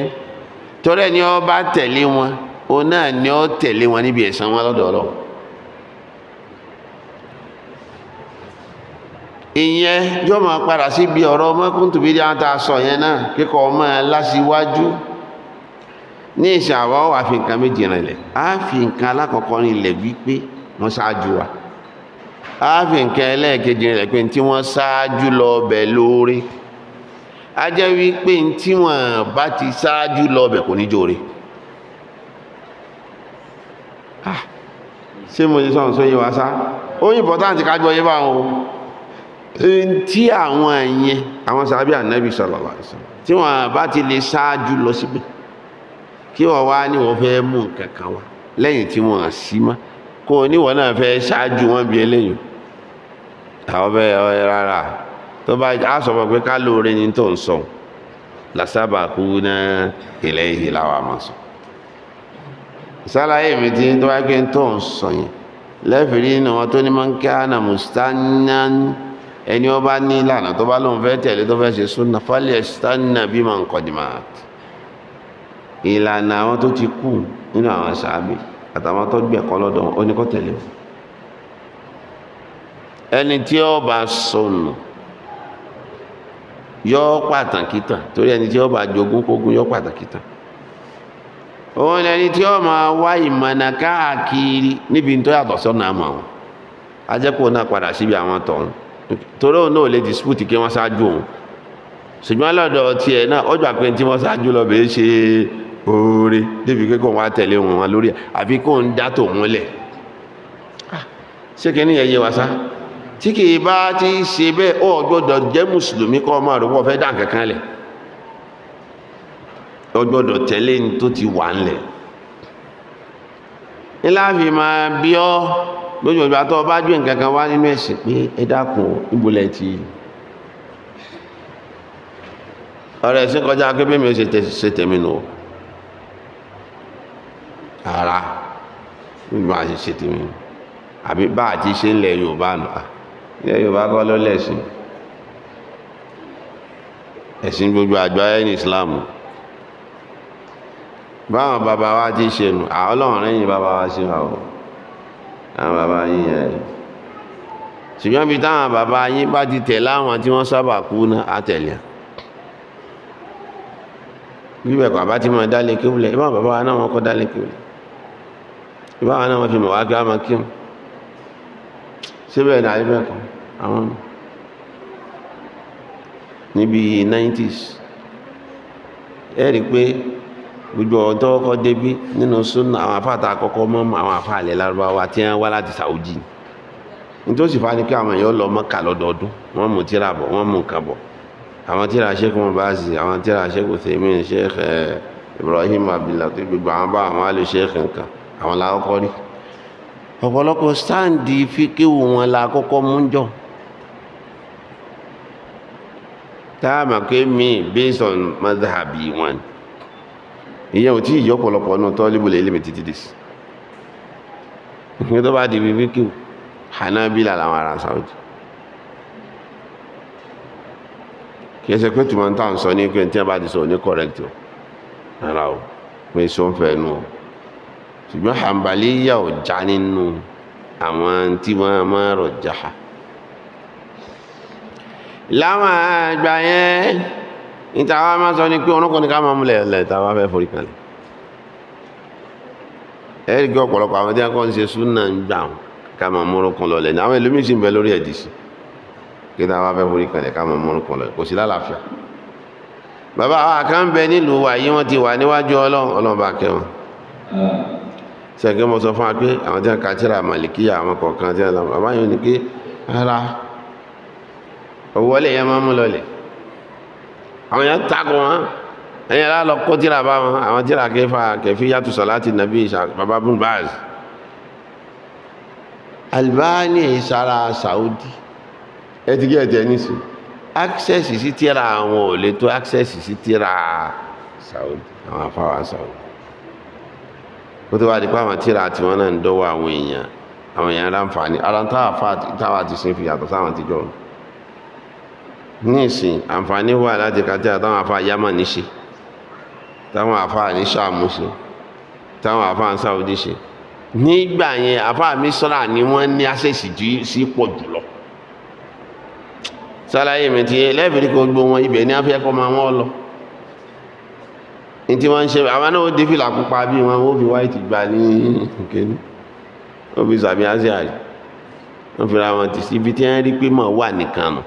bá tẹ̀lé wọn o náà ni tẹ̀lé wọn níbi wọn ìyẹn yóò máa padà ọ̀rọ̀ mọ́kúntùbí a sọ yẹn ní ìṣàwọ́ wà fi nǹkan méjì rìnlẹ̀ a fi nǹkan alákọ̀ọ́kọ́ rìnlẹ̀ wípé wọ́n ṣáájú wa a fi nǹkan ẹlẹ́ẹ̀kejì rìnlẹ̀ pé tí wọ́n ṣáájú lọ bẹ̀ lóore a jẹ́ wípé tí wọ́n bá ti ṣáájú lọ bẹ̀ kò ní jóore ah, ṣé mo ṣe sọ̀rọ̀ sóyè wá sá ó yìnbọn important ká gbọ́ yé o tí àwọn ẹ̀yẹn àwọn sàbí ànábì sallallahu alaihi wasallam tí wọ́n bá ti lè ṣáájú lọ síbẹ̀ kí wọ́n wá ní wọ́n fẹ́ mú nǹkan kan wá lẹ́yìn tí wọ́n sí mọ́ kó o níwọ̀n náà fẹ́ ṣáájú wọn bí eléyìí àwọn fẹ́ ọ̀rẹ́ rárá tó bá a sọ pé ká lóore ní tó ń sọ làṣàbà kú ná ilẹ̀ ìhì láwa máa sọ sálàyé mi ti tó wá pé tó ń sọ yẹn lẹ́fìrí nínú wọn tó ní máa ń kí ànà mùsítánán ẹni ó bá ní ìlànà tó bá lóun fẹ́ tẹ̀lé tó fẹ́ ṣe súnà fálẹ̀ ṣítánà bí ìlànà àwọn tó ti kú nínú àwọn sàábì àtàwọn tó gbẹ̀kọ́ lọ́dọ̀ wọn tẹ̀lé ẹni tí ó bá sọnù yọ pàtàkì tàn torí ẹni tí ó bá jogún kógún yọ pàtàkì ẹni tí ó máa wá ìmọ̀nà káàkiri níbi tó yàtọ̀ náà padà síbi àwọn tọ̀hún torí òun náà lè dispute kí wọ́n ṣáájú òun ṣùgbọ́n lọ́dọ̀ tiẹ̀ náà ọjọ́ wọ́n ṣáájú ṣe é orí débi pé wá tẹ̀lé wọn wọn lórí àbí ń dá tó lẹ̀ ah, ṣé kí ní ẹyẹ wa sá tí kì bá ti ṣe bẹ́ẹ̀ ó gbọdọ̀ jẹ́ mùsùlùmí kọ́ ọmọ àrùkọ́ fẹ́ dá nǹkan kan lẹ̀ tẹ̀lé ní tó ti wà ńlẹ̀ ńlá fi máa bí ọ́ lójú àtọ́ bá nǹkan wá nínú ẹ̀sìn pé ẹ ìbúlẹ̀ ti kọjá pé ṣe ara níbi máa ṣe ṣe tèmi àbí bá àti ṣe ń lẹ yorùbá nù ilẹ̀ yorùbá kọ́ ló lẹ̀sìn ẹ̀sìn gbogbo àgbáyé ní islam báwọn bàbá wa ti ṣe nù ọlọ́run rẹ́yìn bàbá wa sí wa o àwọn bàbá yín yẹn ṣùgbọ́n bí táwọn bàbá yín bá ti tẹ̀ láwọn tí wọ́n sábà kú náà àtẹ̀lẹ̀ bí bẹ̀kọ̀ bàbá wa náà wọ́n kọ́ dálé kéwìlẹ̀ ìbáwọn náà wọ́n fi mẹ̀wàá gá máa kírun síbẹ̀ ní àyíbẹ̀ kan àwọn níbi 90s ẹ̀rí pé gbogbo ọ̀dọ́ ọkọ̀ débí nínú súnà àwọn afáàtà àkọ́kọ́ mọ́ àwọn afáàlẹ̀ lárúbáwá tí wọ́n wá láti Saudi nítòsí fa ni pé àwọn èèyàn lọ Mọ́kà lọ́dọọdún wọ́n mú tíra bọ̀ wọ́n mú nǹkan bọ̀ àwọn tíra ṣẹ́kù wọn bá àwọn tíra ṣẹ́kù tèmi ṣẹ́kù Ibrahim Abdullahi gbogbo àwọn bá àwọn alẹ́ ṣẹ́kù nǹkan àwọn làwọn kọ́ rí ọ̀pọ̀lọpọ̀ sáǹdì fíkéwù wọn la kọ́kọ́ mú jọ táàmà pé mi based on mazhabi wọn ìyẹn ò tí ì yọpọlọpọ náà tọ́líbù lè lèmi títí dìs ní tó bá di fíkéwù hanabila làwọn ará Saudi kì í ṣe pé tùmọ̀ ń tà ń sọ ní pé tí wọ́n bá ti sọ ní correct o rárá o pé fẹ́ nu o ṣùgbọ́n hàǹbàlíyà ò já nínú àwọn tí wọ́n máa rọ̀ já láwọn àgbà yẹn níta wá máa sọ ní pé ọ̀nà kan ní ká máa múlẹ̀ ẹ̀lẹ̀ tàwa fẹ́ forí kalẹ̀ ẹ̀rí gbé ọ̀pọ̀lọpọ̀ àwọn tí wọ́n kọ́ ń ṣe súnà ń gbà ká máa mú orúkọ lọlẹ̀ ní àwọn ẹlòmíì sì ń bẹ lórí ẹ̀dì sí kí táwa fẹ́ forí kalẹ̀ ká máa mú orúkọ lọlẹ̀ kò sí lálàáfíà bàbá àwọn àkàǹbẹ nílùú wa yìí wọ́n ti wà níwájú ọlọ́run ọlọ́run bá kẹ́ wọn sẹ́gbẹ́ mọ́ sọ fún wa pé àwọn tí wọ́n ka tíra màlìkíyà àwọn kọ̀ọ̀kan tí wọ́n lọ bàbá yìí ni pé ara òwọlé yẹn máa mú lọlẹ̀ àwọn yẹn takò wọn ẹ̀yìn ara lọ kó tíra bá wọn àwọn tíra kẹfà kẹfì yàtọ̀ sọ̀láti nàbí bàbá bùn báàz Albani sara Saudi ẹ ti gé ẹ̀tẹ̀ ní sùn access sí tíra àwọn ò lè tó access sí tíra Saudi àwọn afáwọn Saudi kó tó wá di pé àwọn tíra àti wọn náà ń dọ́wọ́ àwọn èèyàn àwọn èèyàn láǹfààní ara táwa ti sin fi yàtọ̀ sáwọn àtijọ́ ní ìsìn àǹfààní wà láti kàtí àtàwọn àfa yámà níṣe táwọn àfa ní sàmù táwọn àfa ń sáwọ́dí nígbà yẹn àfa mi sọ́ra ni wọ́n ní àṣẹ̀sì sí pọ̀ jùlọ sálàyé mi ti lẹ́ẹ̀fì ní kò gbogbo wọn ibẹ̀ ní afẹ́kọ́ máa wọ́n lọ ní tí wọ́n ń ṣe àwọn náà ó dé fìlà pupa bí wọn ó fi white gbà ní òkèlú ó fi sàmì àṣà rí wọ́n fi ra wọn ti sí ibi tí wọ́n rí pé mọ̀ wà nìkan nù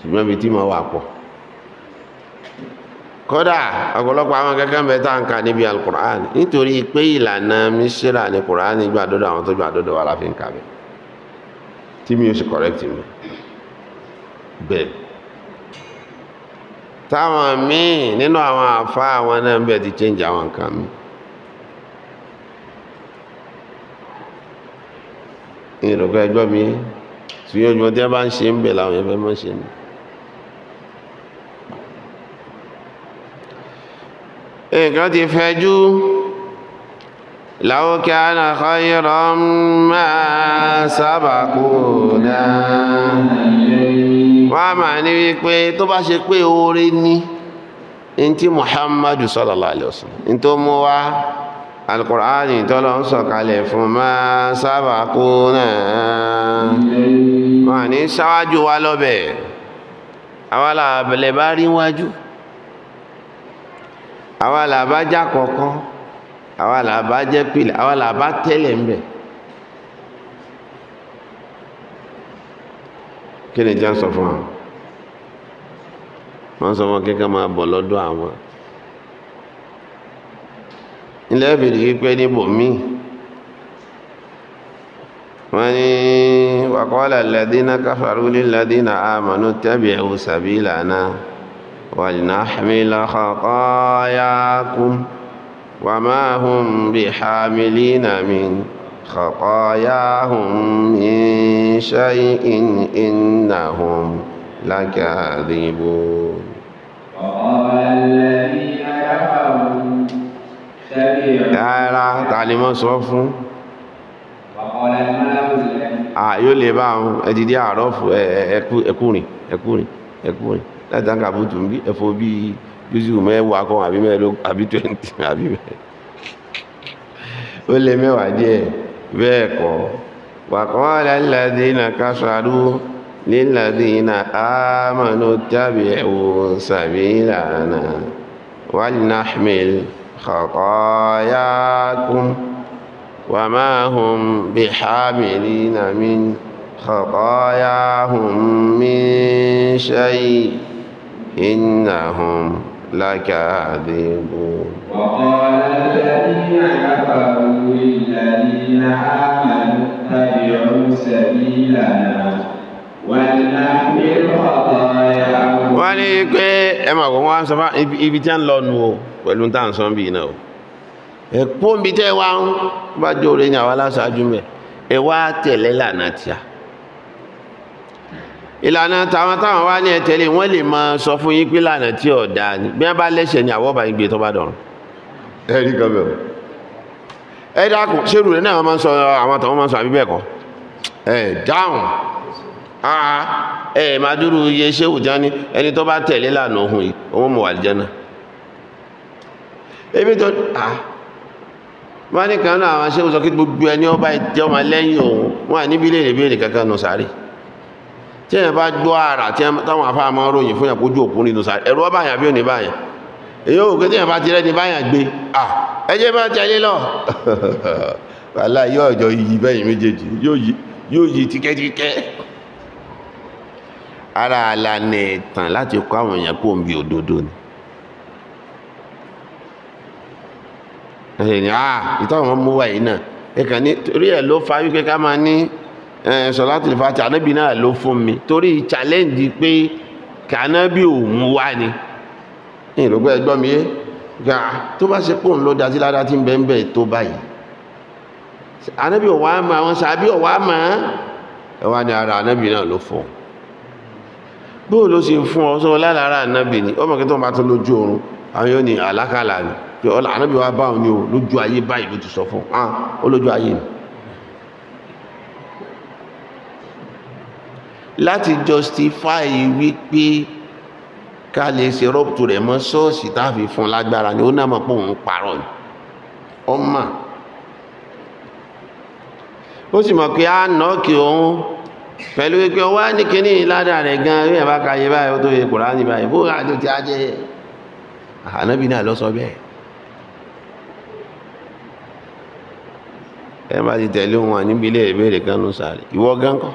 ṣùgbọ́n ibi tí mọ̀ wà pọ̀ kódà ọ̀pọ̀lọpọ̀ àwọn gẹ́gẹ́ bẹ tá à ń ka níbi alukur'an nítorí pé ìlànà mísírà ní kur'an gbà dọ́dọ̀ àwọn tó gbà dọ́dọ̀ wà láfi ń kà tí mi ò sì correct mi bẹ́ẹ̀ táwọn míì nínú àwọn àfá àwọn náà bẹ̀ ti change àwọn nǹkan mi ìrọ̀kọ́ ẹgbọ́ mi tí yóò jùmọ́ tí wọ́n bá ń ṣe ń bẹ̀ láwọn ẹgbẹ́ mọ́ ṣe ní nǹkan ti fẹjú law kana khayran ma sabaquna wọ́n á máa ní wípé tó bá ṣe pé oore ní ní tí muhammadu sallallahu alaihi wasallam ní tó mú wá alkùránì tọ́lọ ń sọ̀kalẹ̀ fún máa sábà kú náà wọ́n ní sáwájú wá lọ́bẹ̀ kí ni jẹ́ ń sọ fún wa wọ́n sọ fún kíkà máa bọ̀ lọ́dọ̀ àwọn ilẹ̀ ìbìrì pípẹ́ níbò míì wọ́n ní wàkọ́lá lẹ́dínà káfàrú lílẹ́dínà àmànú tẹ́bí ẹ̀wù sàbí ìlànà wàlìnà àmìlà kọ̀ọ̀kọ́ yá kún wàmáhùn bí hàmìlì nàmín خطاياهم من شيء إنهم لكاذبون وقال الذين كفروا سمعنا تعليم صف وقال الملأ àyó lè bá àwọn ẹdìdí àrọ́fù ẹkùnrin ẹkùnrin ẹkùnrin láti dáńkà bùtù bí ẹ̀fọ́ bí yusuf mẹ́wàá kan àbí mẹ́ẹ̀ẹ́dógún àbí twenty *laughs* àbí mẹ́ẹ̀ẹ́ ó lé mẹ́wàá díẹ̀ bẹ́ẹ̀ kọ́ wàkọ́ọ̀lá lẹ́dínà kásàrú lílẹ́dínà ámànú tàbí ẹ̀wọ̀n sàbílànà wàlínàhmìl kọ̀kọ́yákún wà máa hùn bí hàmìlínà min kọ̀kọ́yáhùn min ṣẹ́yìn ìnáhùn لكاذبون وقال الذين كفروا للذين آمنوا اتبعوا سبيلنا ولنحمل خطاياهم wọ́n ní pé ẹ máa kọ̀ wọ́n sọ fún ibi tí a ń lọ nù o pẹ̀lú tá sọ́n bí iná ẹ̀pọ́n bí tẹ́ wá ń bá jó orí ní àwa láṣáájú mẹ́ ẹ wá tẹ̀lé tíà ìlànà táwọn táwọn wá ní ẹ̀tẹ̀lé wọ́n lè máa sọ fún yín pé lànà tí ò dáa ni bí wọ́n bá lẹ́sẹ̀ ní àwọ̀ bá ń gbé tó bá dọ̀rùn ẹ̀rí kan bẹ̀rù ẹ dákun ṣérù rẹ̀ náà máa ń sọ àwọn àtàwọn máa ń sọ àbí bẹ́ẹ̀ kọ́ ẹ dáhùn àá ẹ máa dúró iye ṣéwù jáni ẹni tó bá tẹ̀lé lànà ohun yìí òun mọ̀ wà lìjẹ́ náà ebi tó à wọ́n ní kan náà àwọn ṣéwù sọ kí gbogbo ẹni ọba ìjọ máa lẹ́yìn òun wọ́n à níbi ilé ìrèbí èrè kankan nù sáré tí ẹ̀ bá gbọ́ ara tí táwọn afá máa ròyìn fún ìyàpójú òkú nínú sáré ẹ̀rọ báyà bí ò ní báyà èyí ò kéde ìyàpá ti rẹ́ni báyà gbé à ẹjẹ́ bá tẹ̀lé lọ *laughs* wàhálà yóò ọjọ́ yìí bẹ́yìn méjèèjì yóò yí tíkẹ́tíkẹ́ ara àlànà ẹ̀tàn láti kọ́ àwọn èèyàn kó ń bi òdodo ni ẹ̀yìn ah ìtọ́ àwọn mú wáyé náà ẹ̀kàn ní torí ẹ̀ ló fa wípé ká máa ní sọ̀látì fàtí ànábì náà ló fún mi torí challenge pé kànábì ò mú wá ni ìrògbé ẹgbọ́n mi yé gà tó bá ṣe pòun ló dasí ládá tí ń bẹ́ ń bẹ́ tó báyìí ànábì ọ̀wá mọ̀ àwọn sàbí ọ̀wá mọ̀ ẹwà ni ara ànábì náà ló fún bóò ló sì fún ọ sọ lálára ànábì ni ọmọ kẹtọ́ bá tó lójú oorun àwọn yóò ní àlákàlà ni ànábì wa báwọn ni o lójú ayé báyìí ló ti sọ fún ọ ah, lójú ayé ni láti justify wípé ká lè ṣe rọ́pùtù rẹ̀ mọ́ ṣọ́ọ̀ṣì táàfi fún lágbára ni ó náà mọ̀ pé òun parọ́ ni ọmọ ó sì mọ̀ pé á nà kí òun pẹ̀lú wípé ọwá ní kíní ládà rẹ̀ gan rí ẹ̀bá ka yé báyìí ó tó yẹ Kùránì báyìí bó àjò ti ajẹ́ ànábì náà lọ sọ bẹ́ẹ̀ ẹ má ti tẹ̀lé wọn níbi ilé ìbéèrè kan ló sáré ìwọ gan kan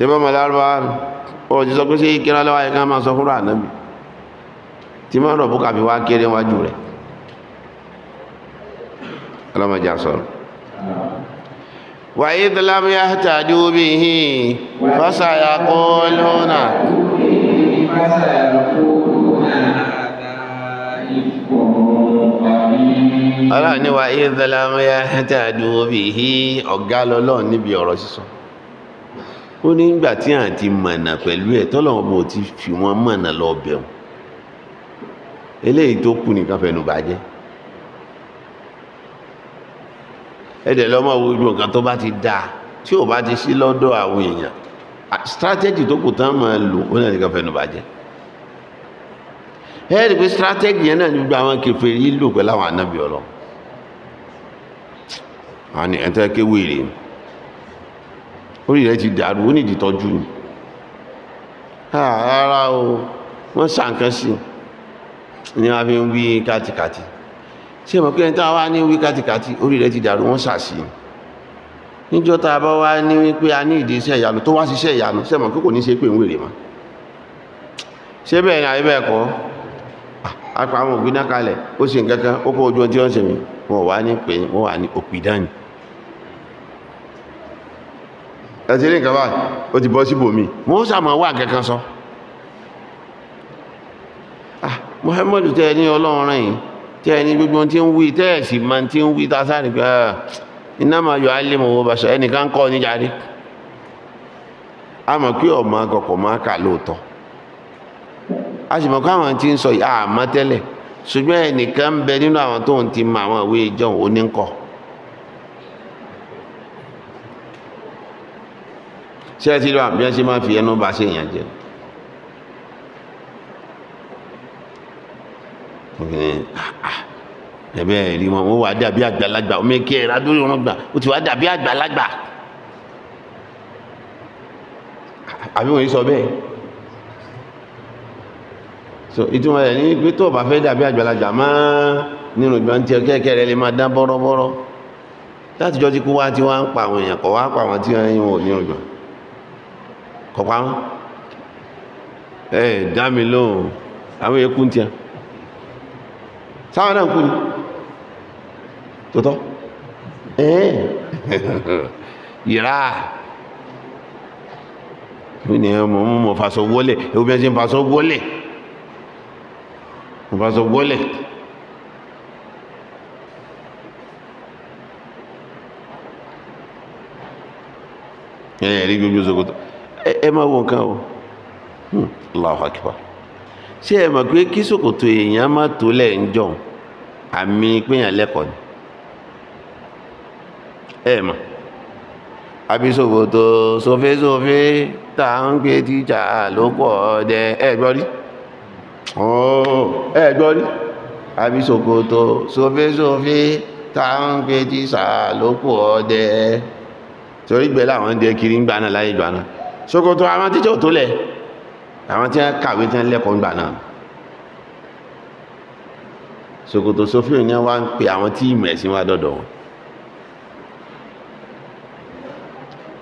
tí bá mọ̀lá rọ̀ ọ̀jì sọ pé sí kíra lọ́wọ́ ayẹ́ká máa sọ fúnra ànábì tí máa rọ̀ búkà fi wá kéré wájú rẹ̀ ọlọ́mọdé sọ̀rọ̀ wàyí dàlámù yá tàdí omi hìn fásà yà lọ́nà ọlọ́run ni wàyí dàlámù yá omi hìn ọ̀gá lọ́lọ́ níbi ọ̀rọ̀ sísọ ó ní ìgbà tí à ń ti mọ̀nà pẹ̀lú ẹ̀ tọ́lọ́wọ́n bò ti fi wọ́n mọ̀nà lọ bẹ̀rù eléyìí tó kù nìkan fẹnu bàjẹ́ ẹ̀dẹ̀ lọ́mọ gbogbo nǹkan tó bá ti da, tí ò bá ti sí lọ́dọ̀ àwọn èèyàn strategy tó kù tán máa lò ó náà nìkan fẹnu bàjẹ́ ẹ rí i pé strategy yẹn náà ní gbogbo àwọn kẹfẹ́ yìí lò pẹ̀lú àwọn anábìọ́lọ́ àwọn ẹ̀ńtẹ́ kéwìrì ni orí rẹ̀ ti dàrú ó nìdí tọ́jú ni rárá o wọ́n sàǹkan sí ni a fi ń wí kàtìkàtì tí ẹmọ̀ pé ẹni tá a wá ní wí kàtìkàtì orí rẹ̀ ti dàrú wọ́n sàṣì níjọ́ tá a bá wá ní wípé a ní ìdí iṣẹ́ ìyanu tó wá sí iṣẹ́ ìyanu sẹ́mọ̀ pé kò ní ṣe pé ń wèrè mọ́ ṣé bẹ́ẹ̀ ni àyè bẹ́ẹ̀ kọ́ apá àwọn òbí náà kalẹ̀ ó sì ń kankan ó kó ojú ọjọ́ ọ̀sẹ̀ mi wọ́n wá ní pé wọ́n wà ní òpìdánì ẹ̀tí ní nǹkan báyìí ó ti bọ́ síbò mi wọ́n sàmọ̀ wà kẹ́kan sọ ah, Muhammadu tẹ́ ẹni ọlọ́run rẹ̀ tẹ́ ẹni gbogbo tí ń wí tẹ́ ẹ̀sì ma ti ń wí tásárì pé iná ma yọ alẹ́mọ̀wọ́ bá sọ ẹnìkan kọ́ ní jáde a mọ̀ pé ọmọ akọkọ̀ máa kà lóòótọ́ a sì mọ̀ pé àwọn tí ń sọ yìí àmọ́ tẹ́lẹ̀ ṣùgbọ́n ẹnìkan ń bẹ nínú àwọn tóun ti mọ àwọn ìwé ìjọ òní ń kọ́ ṣé ẹ ti lọ àbí ẹ ṣe máa fi ẹnu bá ṣe èèyàn jẹ ẹbẹ ẹrí wọn ó wà dàbí àgbàlagbà ọmọ èké ẹ ládùúgbò wọn gbà ó ti wà dàbí àgbàlagbà àbí wọn yìí sọ bẹ́ẹ̀ so ìtumọ̀ rẹ̀ ní pé tó o bá fẹ́ dàbí àgbàlagbà máa nínú ìgbà ń tiẹ̀ kẹ́kẹ́ rẹ̀ lè máa dá bọ́rọ́bọ́rọ́ látijọ́ tí kú wá tí wá ń pa àwọn èèyàn kọ̀ wá pa àwọn tí wọ́n ń wò nínú ìgbà kọ̀pá wọn ẹ dá mi lóhùn àwọn èkú ń tiẹ̀ sáwọn náà kú ni tòótọ́ ẹ́ẹ̀ *laughs* yìrá ó ní ẹ mọ̀ mọ̀ fàṣọ wọlé ẹ̀wọ́n bí ẹ ṣe ń fàṣọ wọlé ń fàṣọ wọlé ẹ̀yẹ̀ rí gbogbo ṣòkòtò ẹ máa wo nǹkan o hmm, Allahu ṣé ẹ mọ̀ pé kí ṣòkòtò èèyàn má tó lẹ̀ ń àmì péyàn lẹ́kọ̀ọ́ ni ẹ mọ̀ àbí ṣòkòtò sofésofé tá à ń gbé tíjà ló pọ̀ ọdẹ ẹ gbọ́ rí ẹ gbọ́ rí àbí ṣòkòtò tá à ń gbé tíjà ṣòkòtò àwọn tíjọ́ tó lẹ̀ àwọn tí wọ́n kàwé tí wọ́n lẹ́kọ̀ọ́ gbà náà ṣòkòtò sófin ní wá ń pe àwọn tí ìmọ̀ ẹ̀sìn wá dọ̀dọ̀ wọn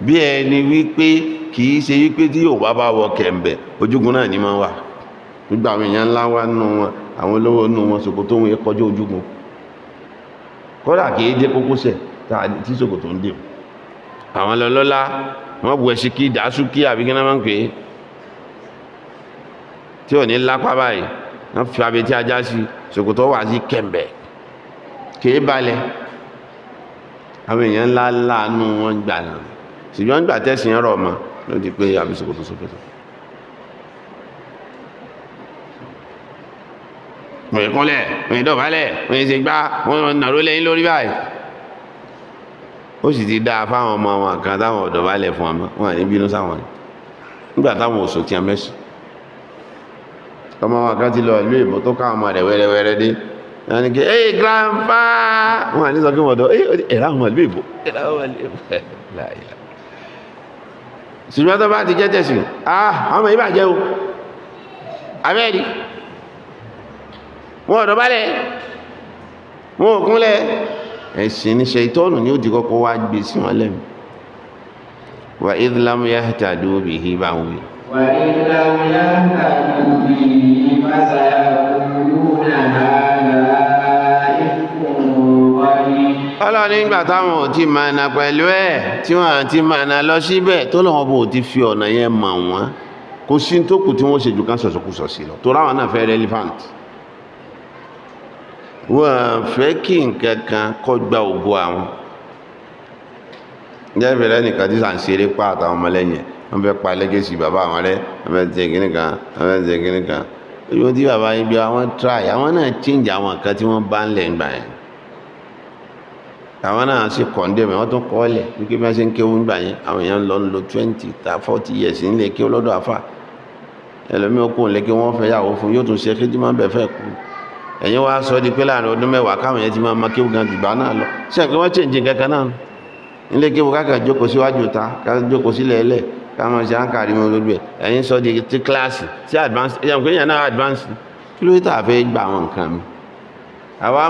bí ẹni wípé kì í ṣe wípé tí yóò bá bá wọ kẹ̀m̀bẹ̀ ojúgun náà ní máa wà gbogbo àwọn èèyàn ńlá wá wọ́n bu ẹ̀ṣin kí dàásùkí àbí kí wọ́n máa ń pè é tí ò ní lápá báyìí wọ́n fi abetí ajá sí ṣòkòtò wà sí kẹ̀m̀bẹ̀ kìí balẹ̀ àwọn èèyàn ńlá láàánú wọn gbà náà ṣùgbọ́n gbà tẹ̀sìn ẹ̀rọ ọmọ ló di pé àbí ṣòkòtò ṣòkòtò. mọ̀ ìkúnlẹ̀ mọ̀ ìdọ̀bálẹ̀ mọ̀ ìṣègbà mọ̀ ìnàró ó sì ti a fáwọn ọmọ wọn kan táwọn ọ̀dọ̀ bá lẹ̀ fún ọmọ wọn ní bínú sáwọn ni nígbà táwọn òsò kí a mẹ́sùn ọmọ wọn kan ti lọ ìlú ìbò tó káwọn ọmọ rẹ̀ wẹ́rẹ́wẹ́rẹ́ dé wọn ni kí ẹ grandpa wọn ní sọ kí wọn dọ ẹ ẹ̀rá ọmọ ìlú ìbò ẹ̀rá ọmọ ìlú ìbò *laughs* ṣùgbọ́n tó bá ti jẹ́ tẹ̀sùn ah ọmọ yìí bàjẹ́ o abẹ́ẹ̀dì wọn ọ̀dọ̀ bá lẹ̀ wọn ò ẹ̀sìn ní ṣètọ́nù ni ó ti kọ́kọ́ wá gbé sí wọn lẹ́nu wà ìdílámù yá hẹ́tà dúró bí i bá wí. wà ìdílámù yá hẹ́tà dúró bí i bá sáyà kúrú náà ọlọ́run nígbà táwọn ò ti máa na pẹ̀lú ẹ̀ tí wọ́n ti máa na lọ síbẹ̀ tó lọ́wọ́ bó ti fi ọ̀nà yẹn mọ̀ wọ́n kò sí tó kù tí wọ́n ṣe jù ká sọ̀sọ̀kù sọ̀sì lọ tó ráwọn náà fẹ́ relevant wọ́n fẹ́ kí nǹkan kan kọ́ gba ògbó àwọn jẹ́fẹ̀ lẹ́nìkan tí sàn ṣeré pa àtàwọn ọmọlẹ́yìn wọ́n fẹ́ pa lẹ́gẹ̀ẹ́sì bàbá àwọn rẹ̀ wọ́n fẹ́ jẹ kíní kan wọ́n fẹ́ jẹ kíní kan ojú tí bàbá yín bí àwọn try àwọn náà change àwọn nǹkan tí wọ́n bá ń lẹ̀ ńgbà yẹn àwọn náà ṣe condemn wọ́n tún kọ́ lẹ̀ wípé bí wọ́n ṣe ń kéwú ńgbà yẹn àwọn èèyàn lọ ń lo twenty ta forty years nílé kéwú lọ́dọ̀ àfà ẹlòmíì ó kún un lé kí wọ́n ẹ̀yin wá sọ di pé láàrin ọdún mẹ́wàá káwọn yẹn ti máa ma kéwù gan náà lọ ṣe pé wọ́n chèǹjì kankan náà nílé kéwù káàkà jókòó síwájú ta ká jókòó sílẹ̀ sọ di ti kíláàsì sí advance ẹ̀yàn pé yẹn náà advance kí ló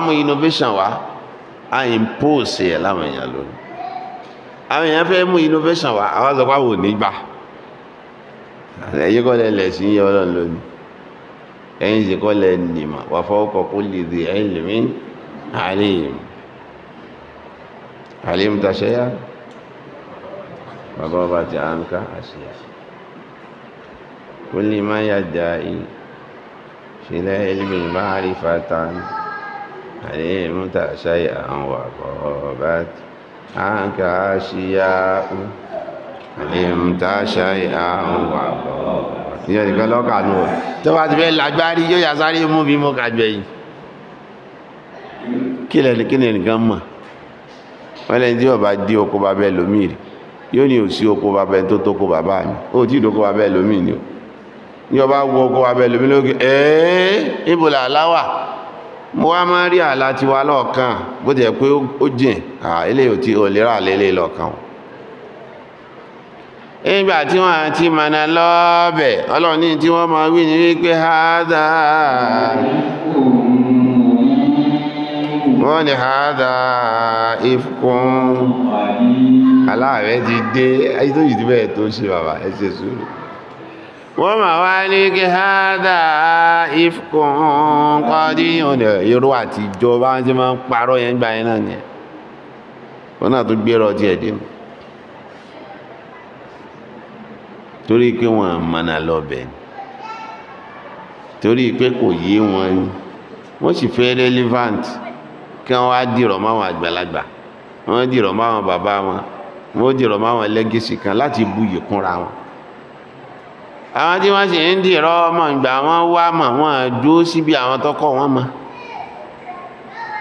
fẹ́ innovation wá a ẹ̀ láwọn èèyàn lónìí àwọn èèyàn innovation wá àwa ẹ̀yin sì kọ́ lẹ́ nìmọ̀ wà fawqa kulli dhi ilmin alim alim tàṣẹ́yà bàbá ọba ti à ń ká àṣìyà kulli ma yadda'i fil ilmi ma'rifatan alim ìyẹn nìkan lọ́kànú o tó bá ti fẹ́ lágbárí yóò yà sáré mú bí mo kàjọ yìí kí lẹ́ni kí lẹ́ni nìkan mọ̀ wọ́n lẹ́ni tí wọ́n bá dí oko bàbá ẹlòmíì rí yóò ní òsí oko bàbá ẹni tó tóko bàbá mi ó tí ìdóko bàbá ẹlòmíì ni o ní ọba wo oko bàbá ẹlòmíì lókè ẹ́ẹ́ ìbòlà aláwà mo wá máa rí àlá tiwa lọ́ọ̀kan bó ti yẹ pé ó jìn à ò tí ò lè lélẹ̀ lọ́ọ̀kan ìgbà tí wọ́n àti mànà lọ́ọ̀bẹ̀ ọlọ́ni tí wọ́n máa wí ní wípé hádà wọ́n ni hádà ìfún aláàrẹ̀ ti dé ayé yìí ti bẹ́ẹ̀ tó ṣe bàbá sùúrù wọ́n máa wá ní kí hádà ìfún kọ́dí ọ̀nà irú àtijọ́ bá ń ti máa ń parọ́ yẹn gbà yẹn náà torí pé wọn àmàna lọ́bẹ̀ torí pé kò yé wọn ni wọ́n sì fẹ́ relevant kí wọ́n wá dìrọ̀ máwọn àgbàlagbà wọ́n dìrọ̀ máwọn bàbá wọn wọ́n dìrọ̀ máwọn lẹ́gẹ̀sì kan láti bu kúnra wọn àwọn tí wọ́n sì ń dìrọ̀ ọmọ ìgbà wọn wá mọ̀ wọn dúró síbi àwọn tọ́kọ̀ wọn mọ̀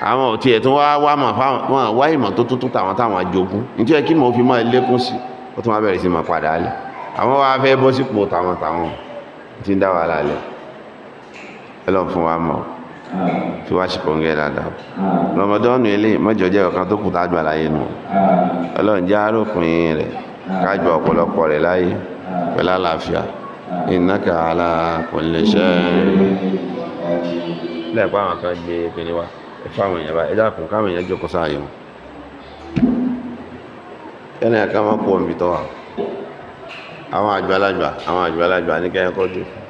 àwọn ò tiẹ̀ tún wá wá mọ̀ fáwọn wá ìmọ̀ tó tuntun táwọn táwọn jogún nítorí kí mo fi máa lékún sí ó tún wá bẹ̀rẹ̀ sí máa padà lẹ́ àwọn wá fẹ́ bọ́ sípò tàwọn tàwọn tí ń dá wà lálẹ́ ẹlọ́n fún wa mọ̀ fi wá ṣe pọ̀ngẹ́ dáadáa rọmọdọ́nù ilé mọ́jọ jẹ́ ọ̀kan tó kù tájú àláyé nù ọlọ́run já arókùnrin rẹ̀ kájọ ọ̀pọ̀lọpọ̀ rẹ̀ láyé pẹ̀lú àlàáfíà ìnáka ala kò lè ṣẹ́ lẹ́ẹ̀pá àwọn kan gbé pinni wa ẹ̀fọ́ àwọn èèyàn bá ẹjọ́ àkùn káwọn èèyàn jókòó sáàyè wọn ẹnì kan máa kú àwọn àgbàlagbà àwọn àgbàlagbà ní kẹ́yìn kọjú fún